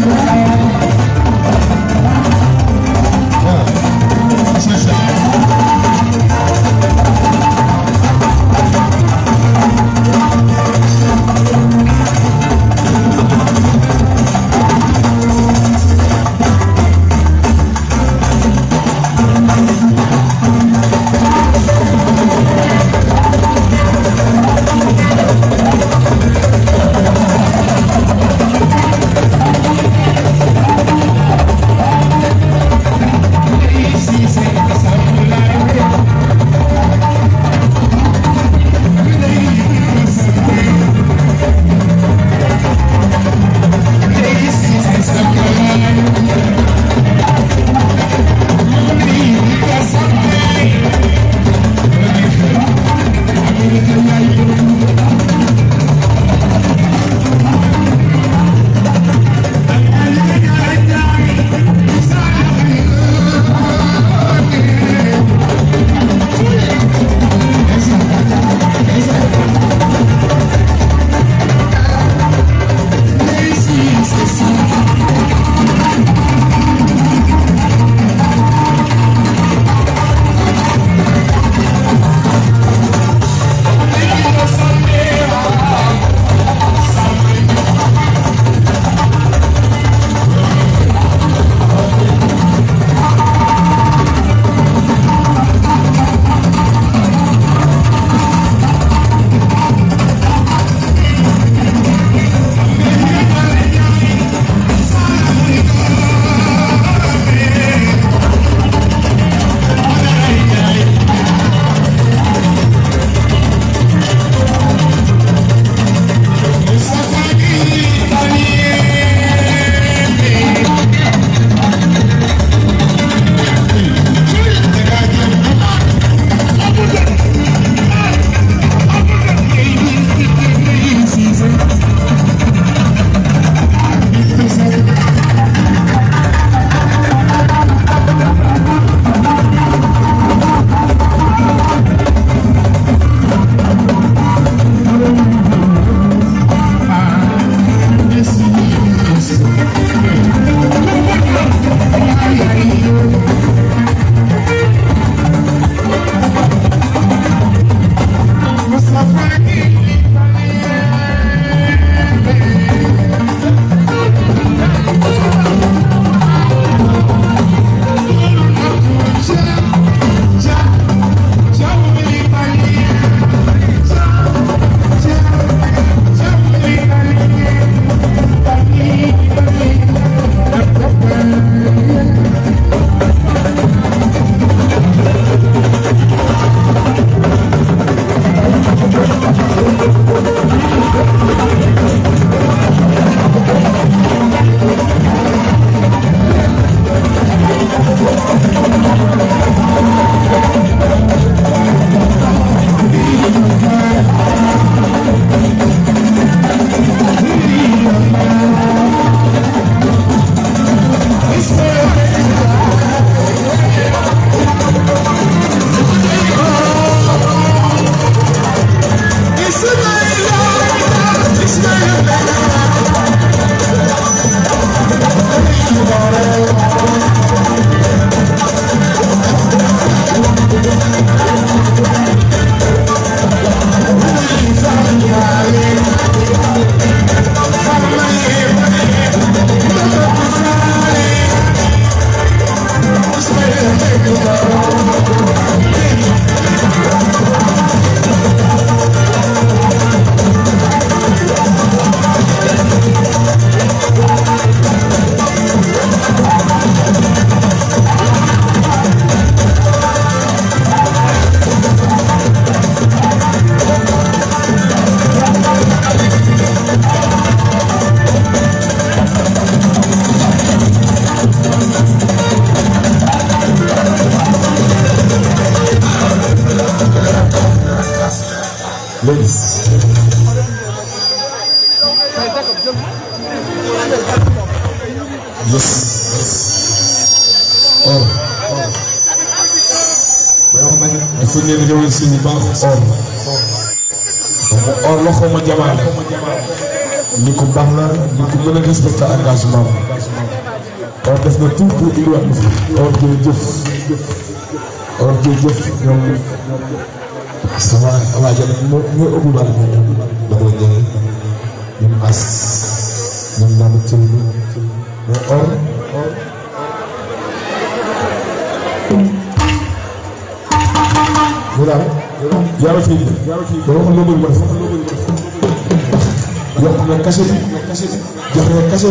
Thank you. Diop ok jëf ok jëf ñoom sama waa jël mo ñu ubbi bal mo dama ñëw ñu as ñu namu ci ñu or Mudah, ya Rafi, kalau kamu belum berfak, kasih, jodoh kasih,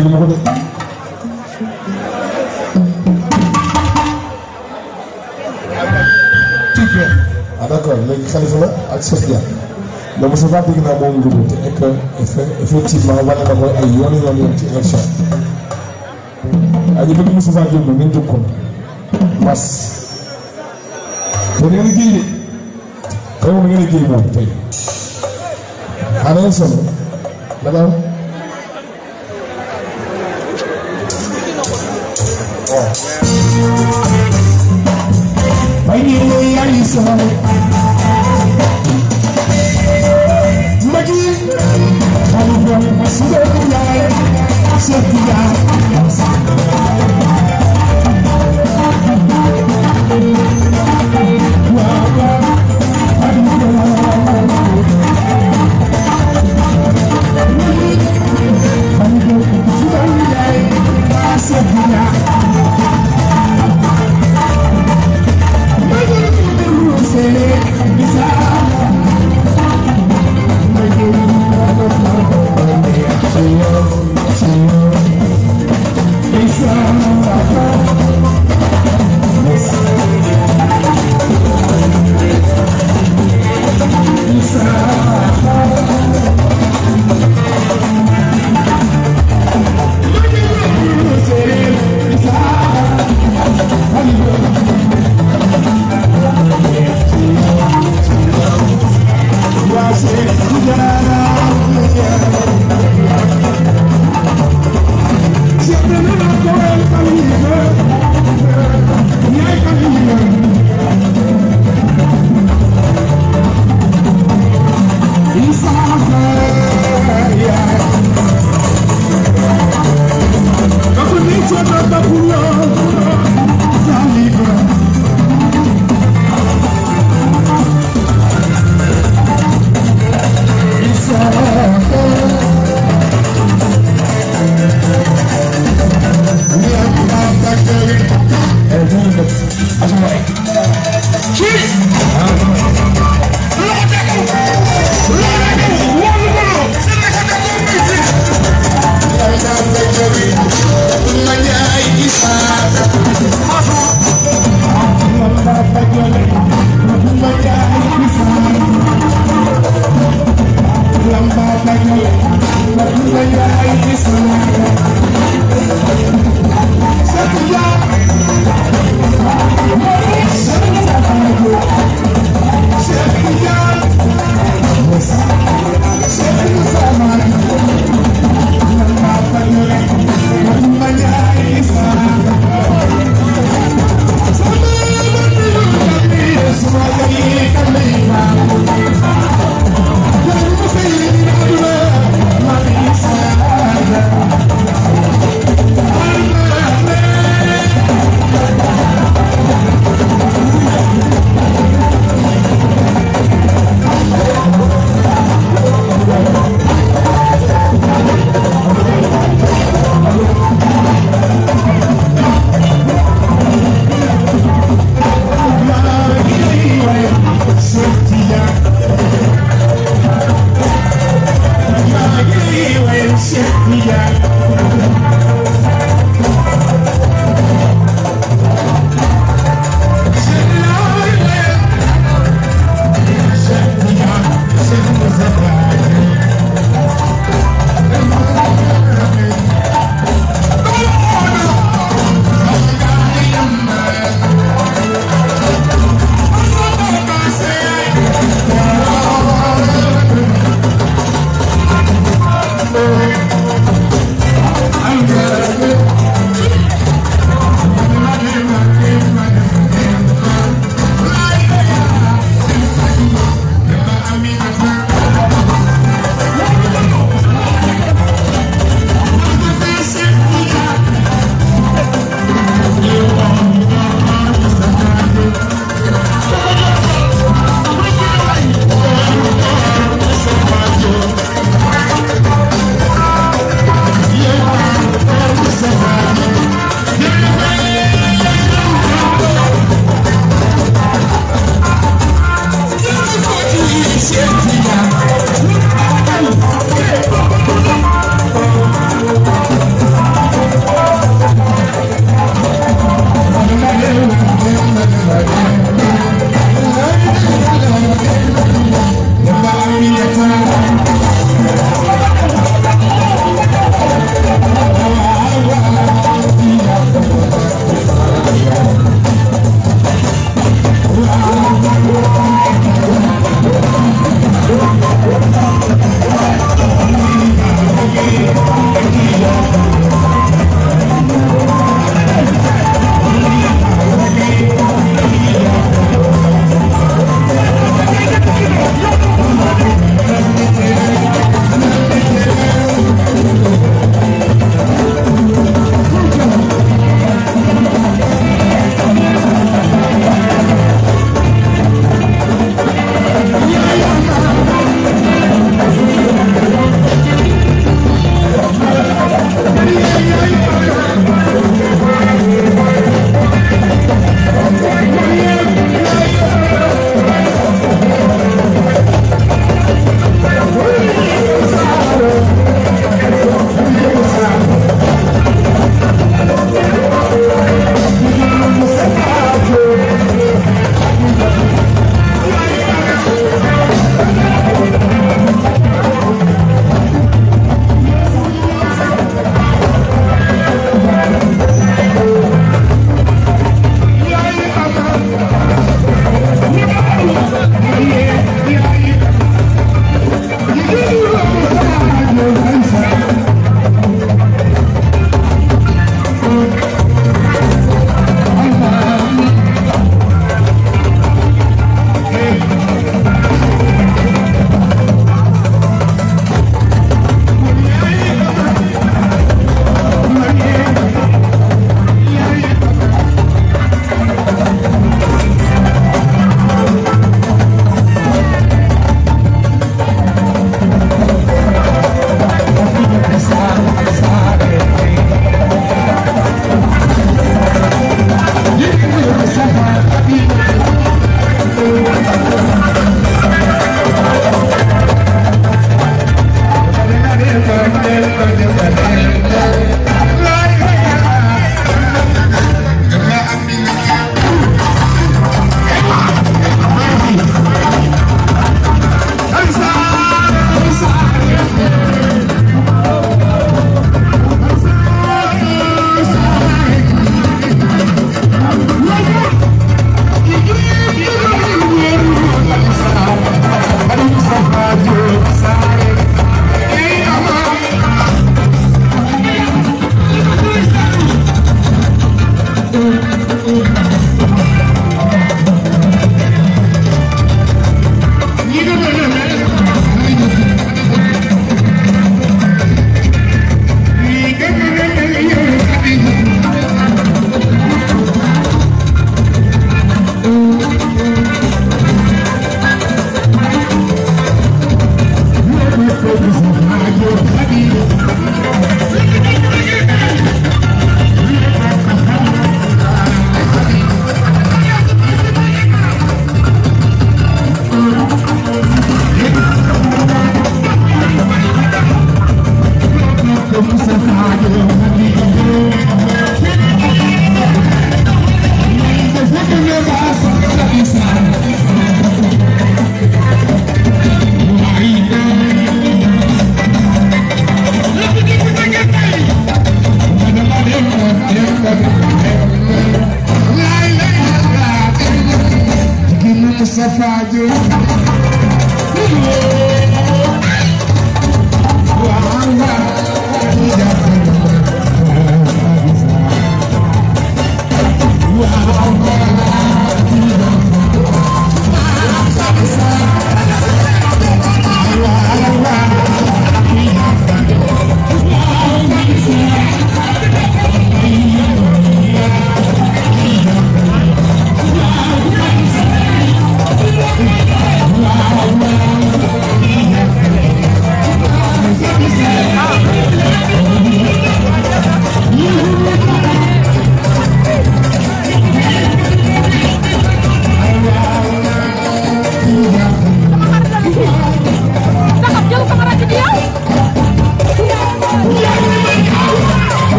dégg ma ko de ah d'accord léegi xalifa la ak Cheikh Dia donc su faa dégg naa moom lu te nekk effectivement wane na mooy ay yoon yoon yoon ci élection waaye ah, ñu bëgg Moustapha Diop nag nañ jóg kon mas te da ngeen a géey de xëy na da ngeen a géey moom tey xanaa solo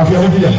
afia ne bi yɛ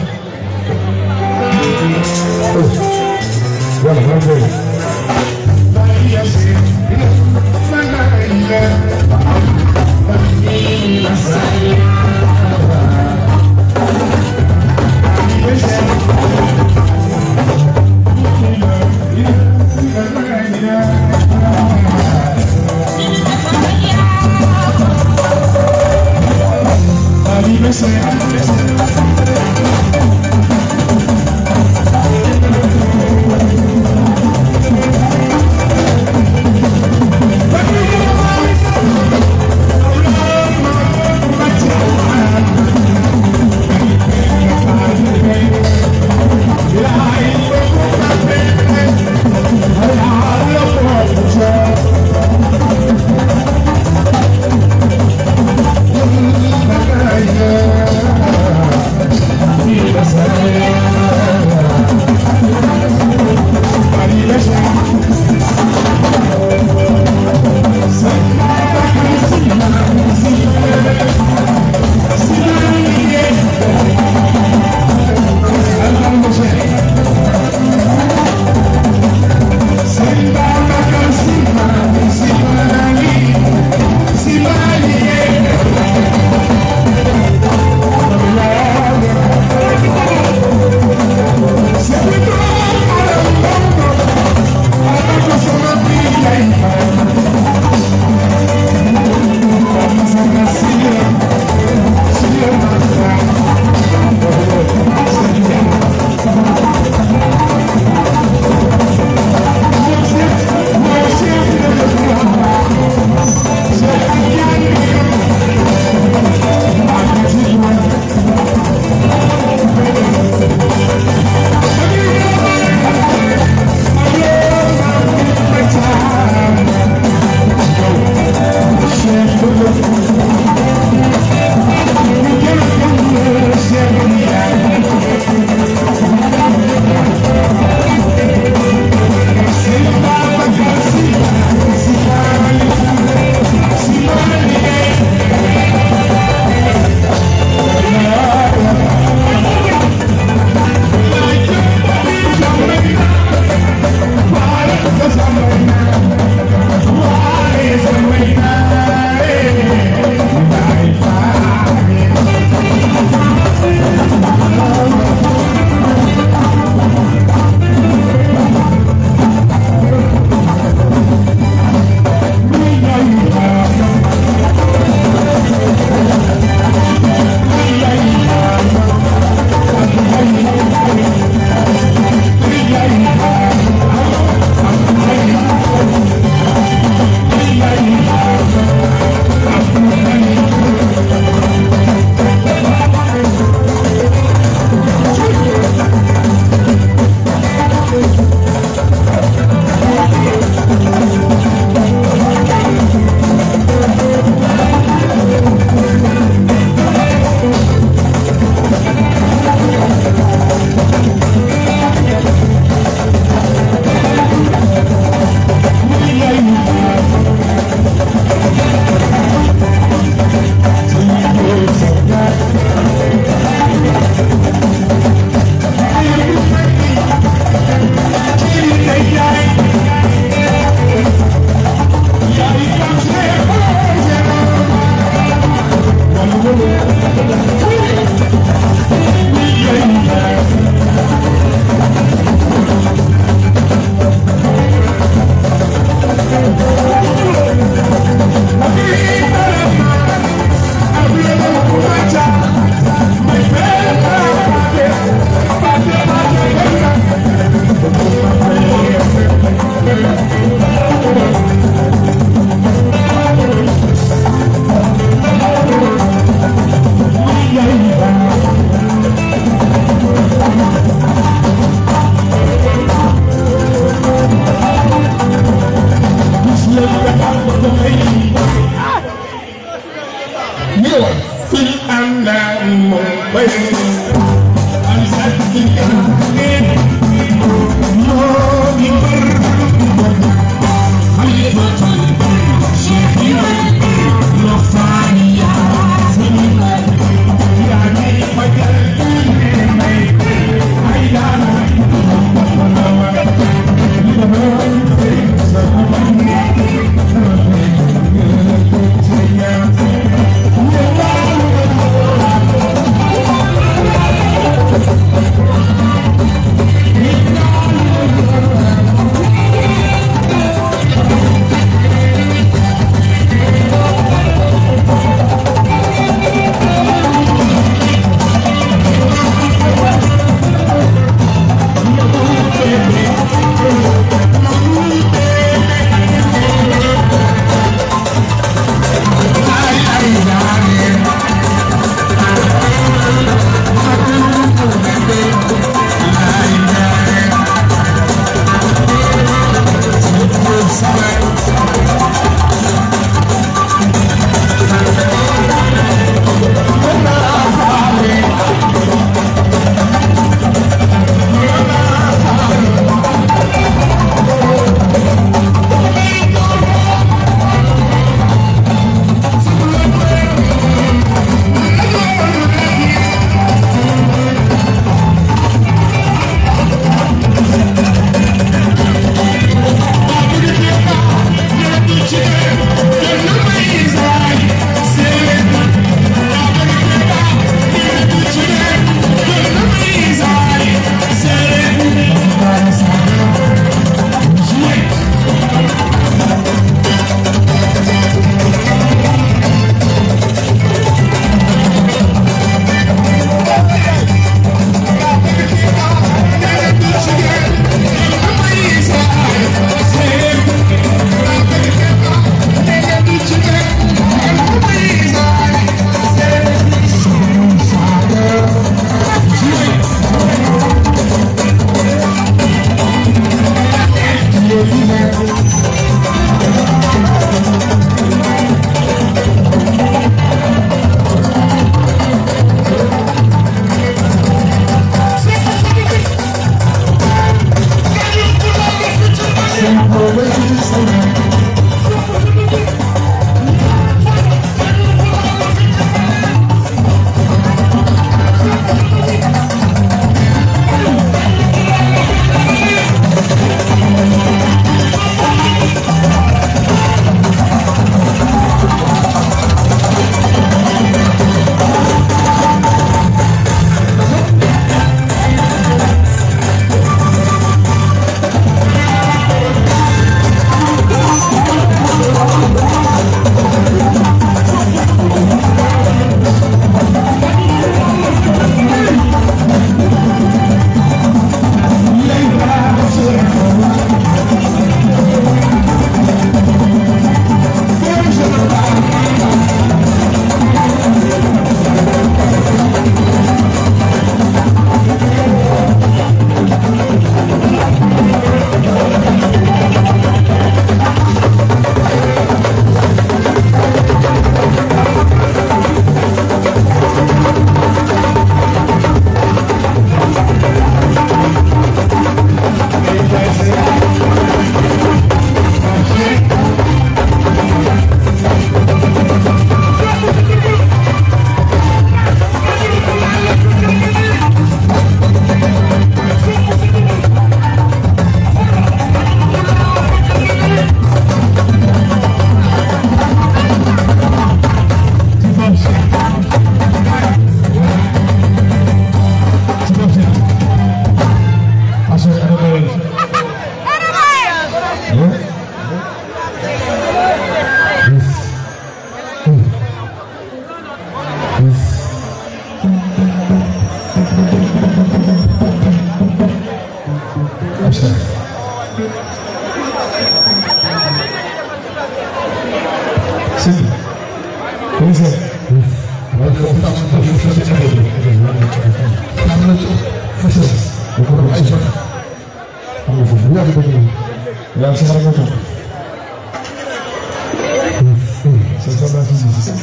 ah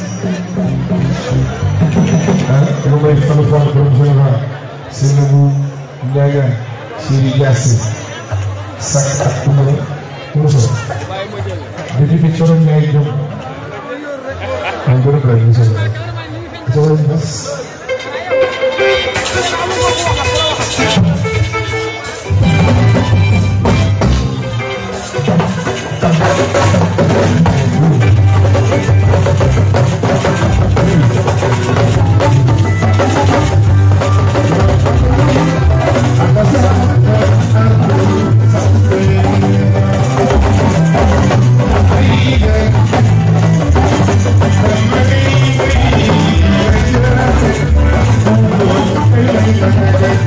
damay xalu Fall borom Général Seynabou Ndiaga Chéri Diassé Sakk ak Oumar Moussa depuis bi Thioro Ndiaye jóg am gërëm la ñu soxla Thioro Mbass Thank you.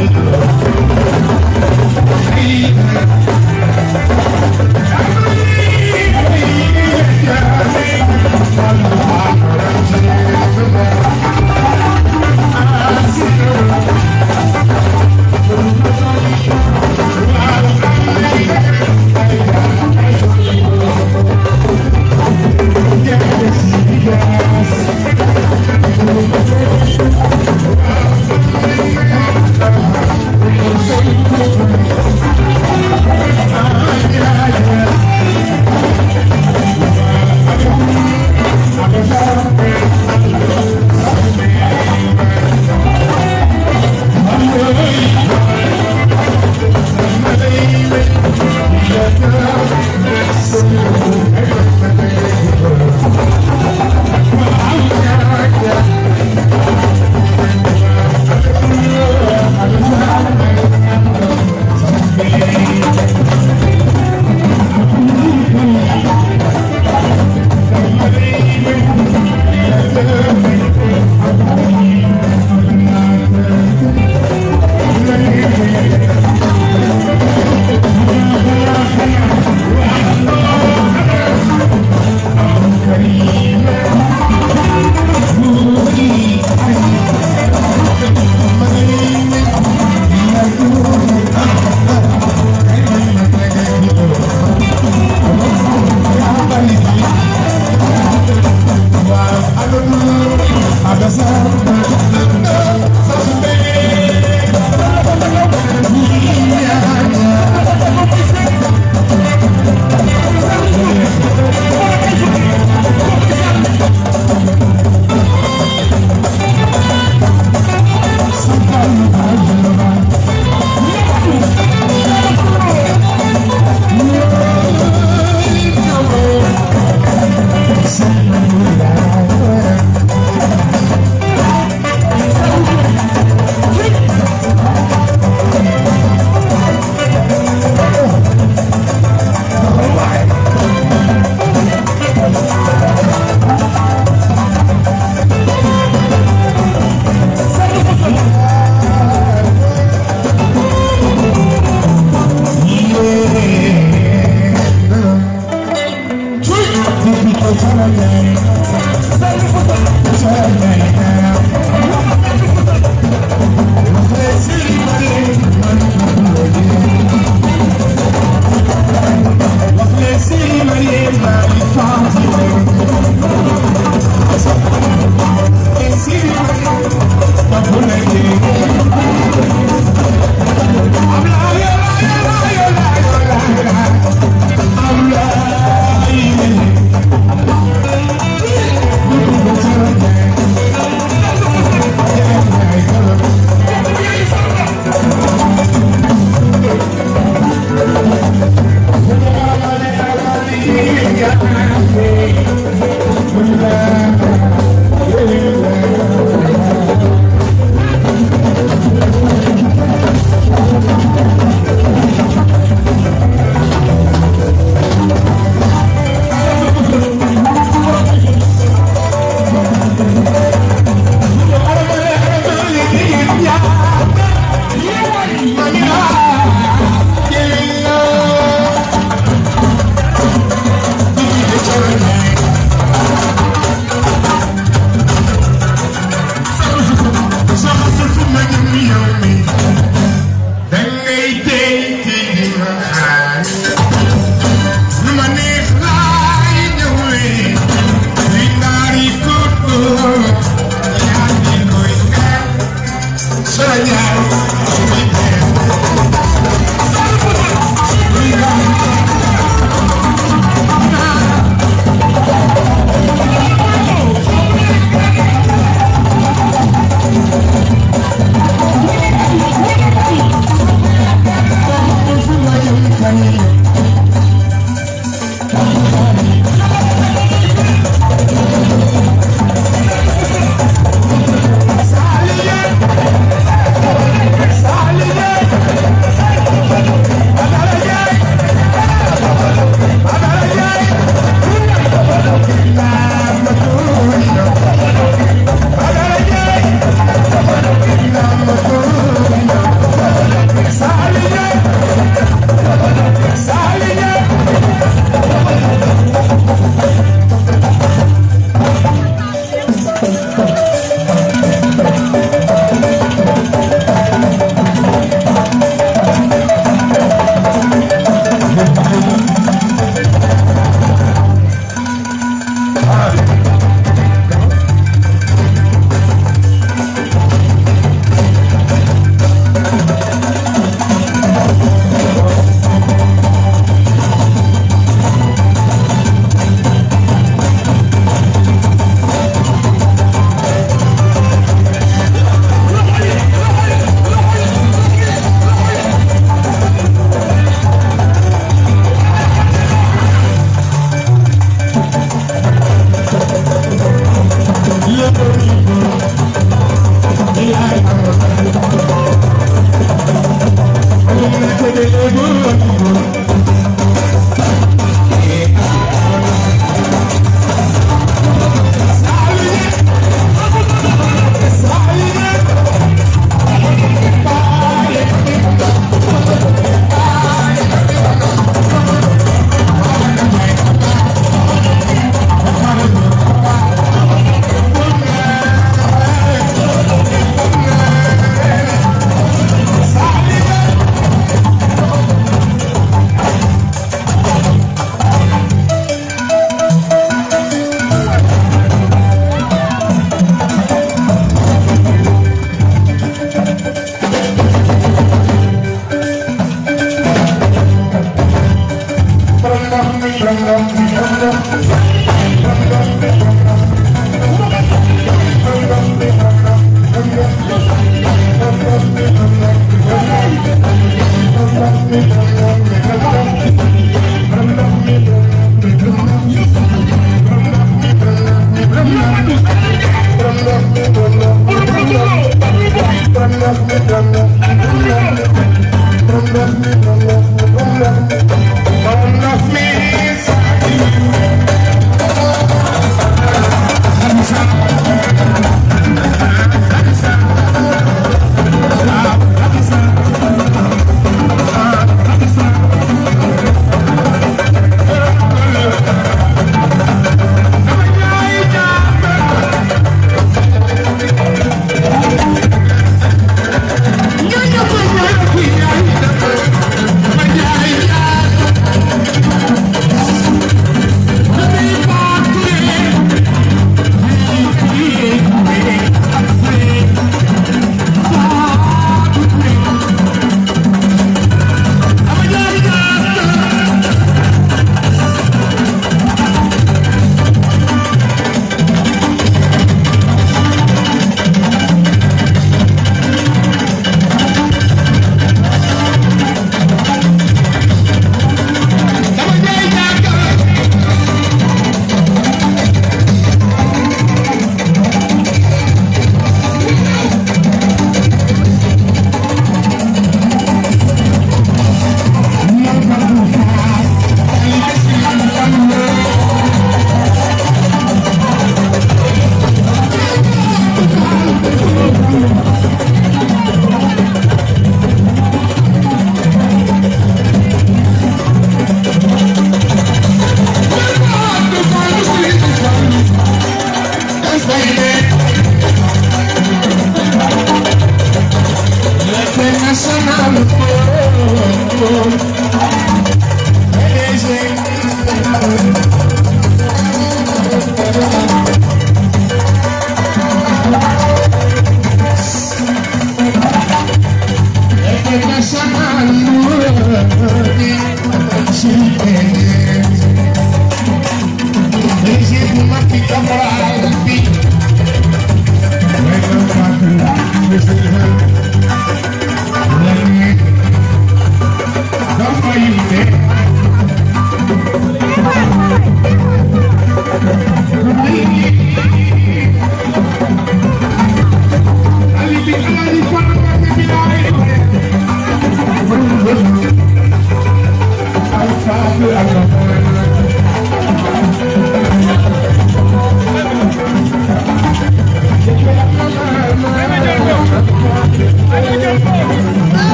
Thank you.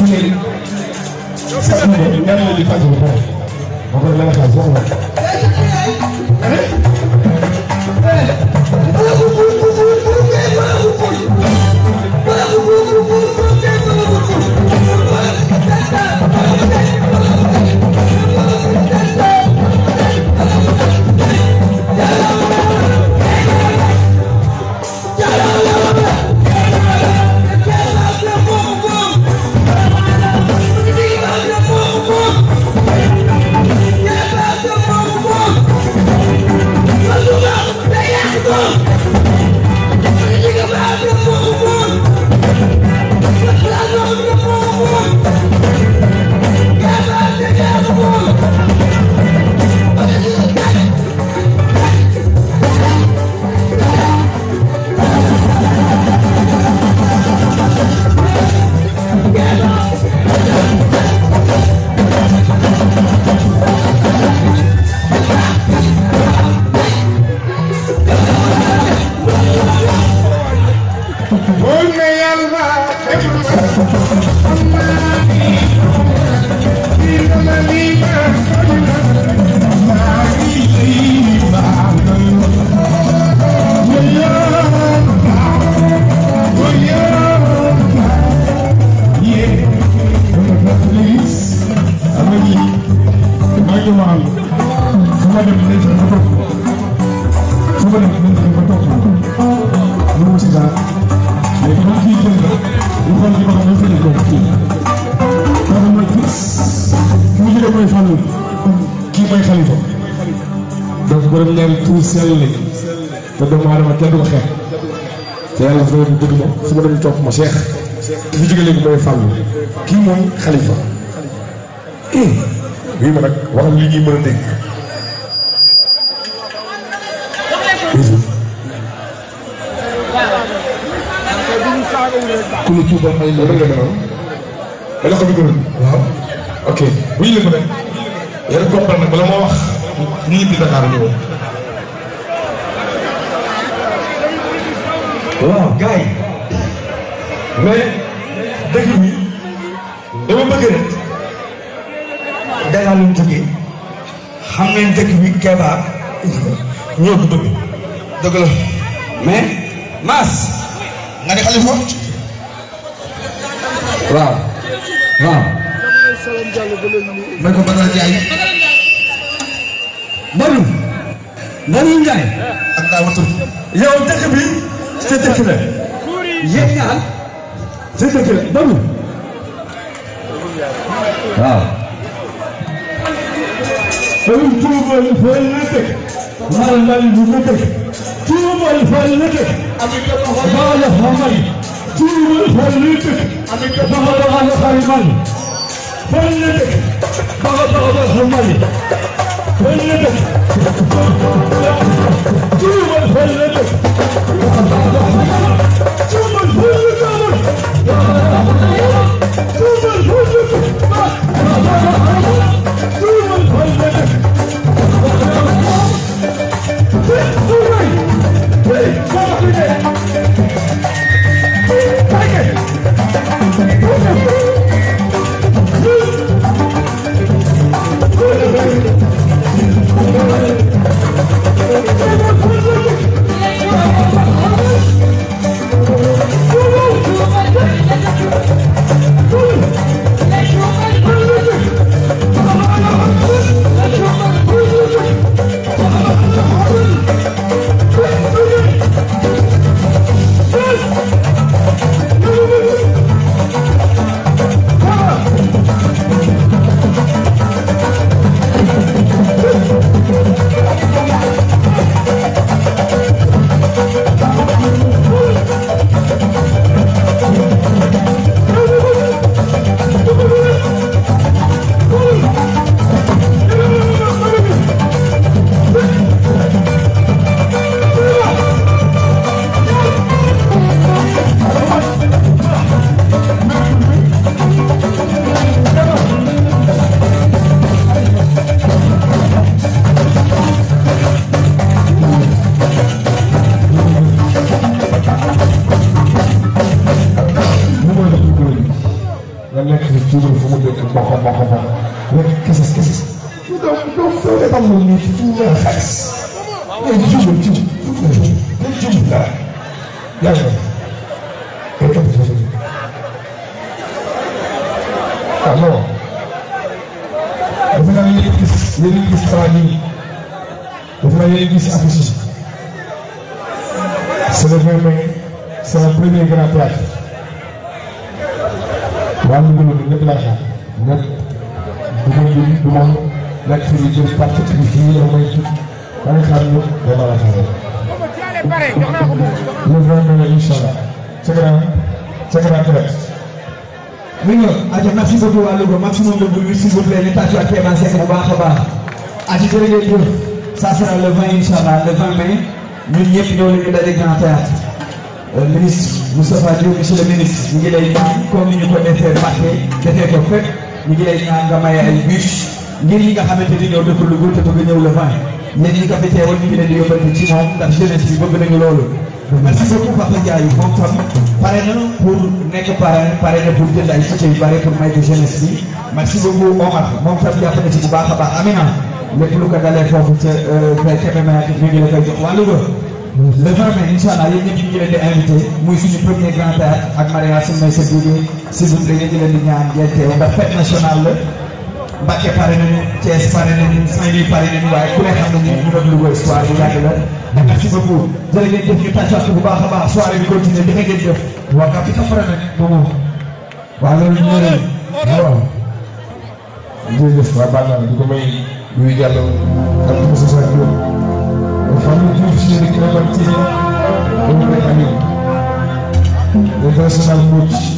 Actually, Saturday, we never really fight with them. I'm going to let us go. Hey! Hey! ñu xool ci boppam ñu ko kooku mooy ki ñu mooy fàllu kii mooy xalifa donc borom ñaari tur sell lañ te doomu aadama kenn du ko xeex te yàlla dafa doon ma su ma doon topp ma seex ki fi jóge léegi mooy fàllu kii mooy xalifa eh wii ma nag waxal li ñuy mën a dégg. ku la tuubal ba jox ko micro waaw ok bu ñu yëngu nag yéen a comprendre nag bala moo wax ñu ñibbi Dakar ñu woon. waaw gars mais dëgg bi dama bëgg rek Dakar lañ jógee xam ngeen dëkk bi Kéba ñoo ko dëgg la mais Mass nga ne Khalifa waaw waaw. ma ko Badara Ndiaye. Badou. Badou Ndiaye. ak daaw tur. yow dëkk bi sa dëkk la. yéen ñaar sa dëkk la Badou. waaw. Badou Touba Fall la dëkk. Mara Ndali bu la dëkk. Touba Fall la dëkk. Maodo Hamadi. Politik, politik, baga baga sarmal. Politik, baga baga Politik, politik. yàlla yow tamit sa sëriñ alors dafa naa yéen gis yéen gis xalaat yi dafa naa yéen gis affiche c'est le vingt mai c'est la première grande plate waa ñu gënoon ñëpp laa xaar ñëpp du ma jëm du ma nekk fii jëm parti bi fii la may jëm ba nga xam ñëpp dama la xaar le vingt deux incha allah ca gannaaw ca gannaaw direct. mi ngi noonu. aja merci beaucoup waa Louga maximum de bruit s'il vous plaît ñu tàccu ak Kéema Seck bu baax a baax. aja jërëjëf ça sera le vingt incha allah le vingt mai ñun ñëpp ñoo leen di daje grand théâtre. Euh, ministre Moustapha Diop monsieur le ministre ñu ngi lay ñaan comme ni ñu ko defee Mbacké defee ko fépp ñu ngi lay ñaan nga maye ay bus ngir ñi nga xamante ni ñoo dëkk Louga te bëgg ñëw le vingt ñenn ñi ko fi teewal ñu ngi leen di yóbbante ci moom ndax jeunesse bi bëgg nañu loolu. merci beaucoup Papa Ndiaye moom tam pare na pour nekk pare na pour jënd ay ticket bare pour may de jeunesse bi merci beaucoup Omar moom tam jàpp na ci bu baax a baax Amina lépp lu ko dalee foofu ca euh, KMM ak ñu ngi la koy le 20 mai incha allah yéen ñëpp ñu ngi leen di premier grand ak mariage suñu may sa biir si biir yéen ñu leen di ñaan ngeen teew ndax fête nationale Mbacké pare nañu Thiès pare nañu Saint-Louis pare nañu waaye ku ne xam nañu ñu def Louga histoire bu la merci beaucoup jërë ngeen jëf ñu baax a baax soirée bi continué di nga ngeen jëf waaw kàpp itam pare nañu moomu waaw loolu ñu ne waaw jërëjëf waaw baax naa di ko may luy jàll ak mu sa sa kilo fan yu tuuti ci rek la ban ci dañu koy amin international coach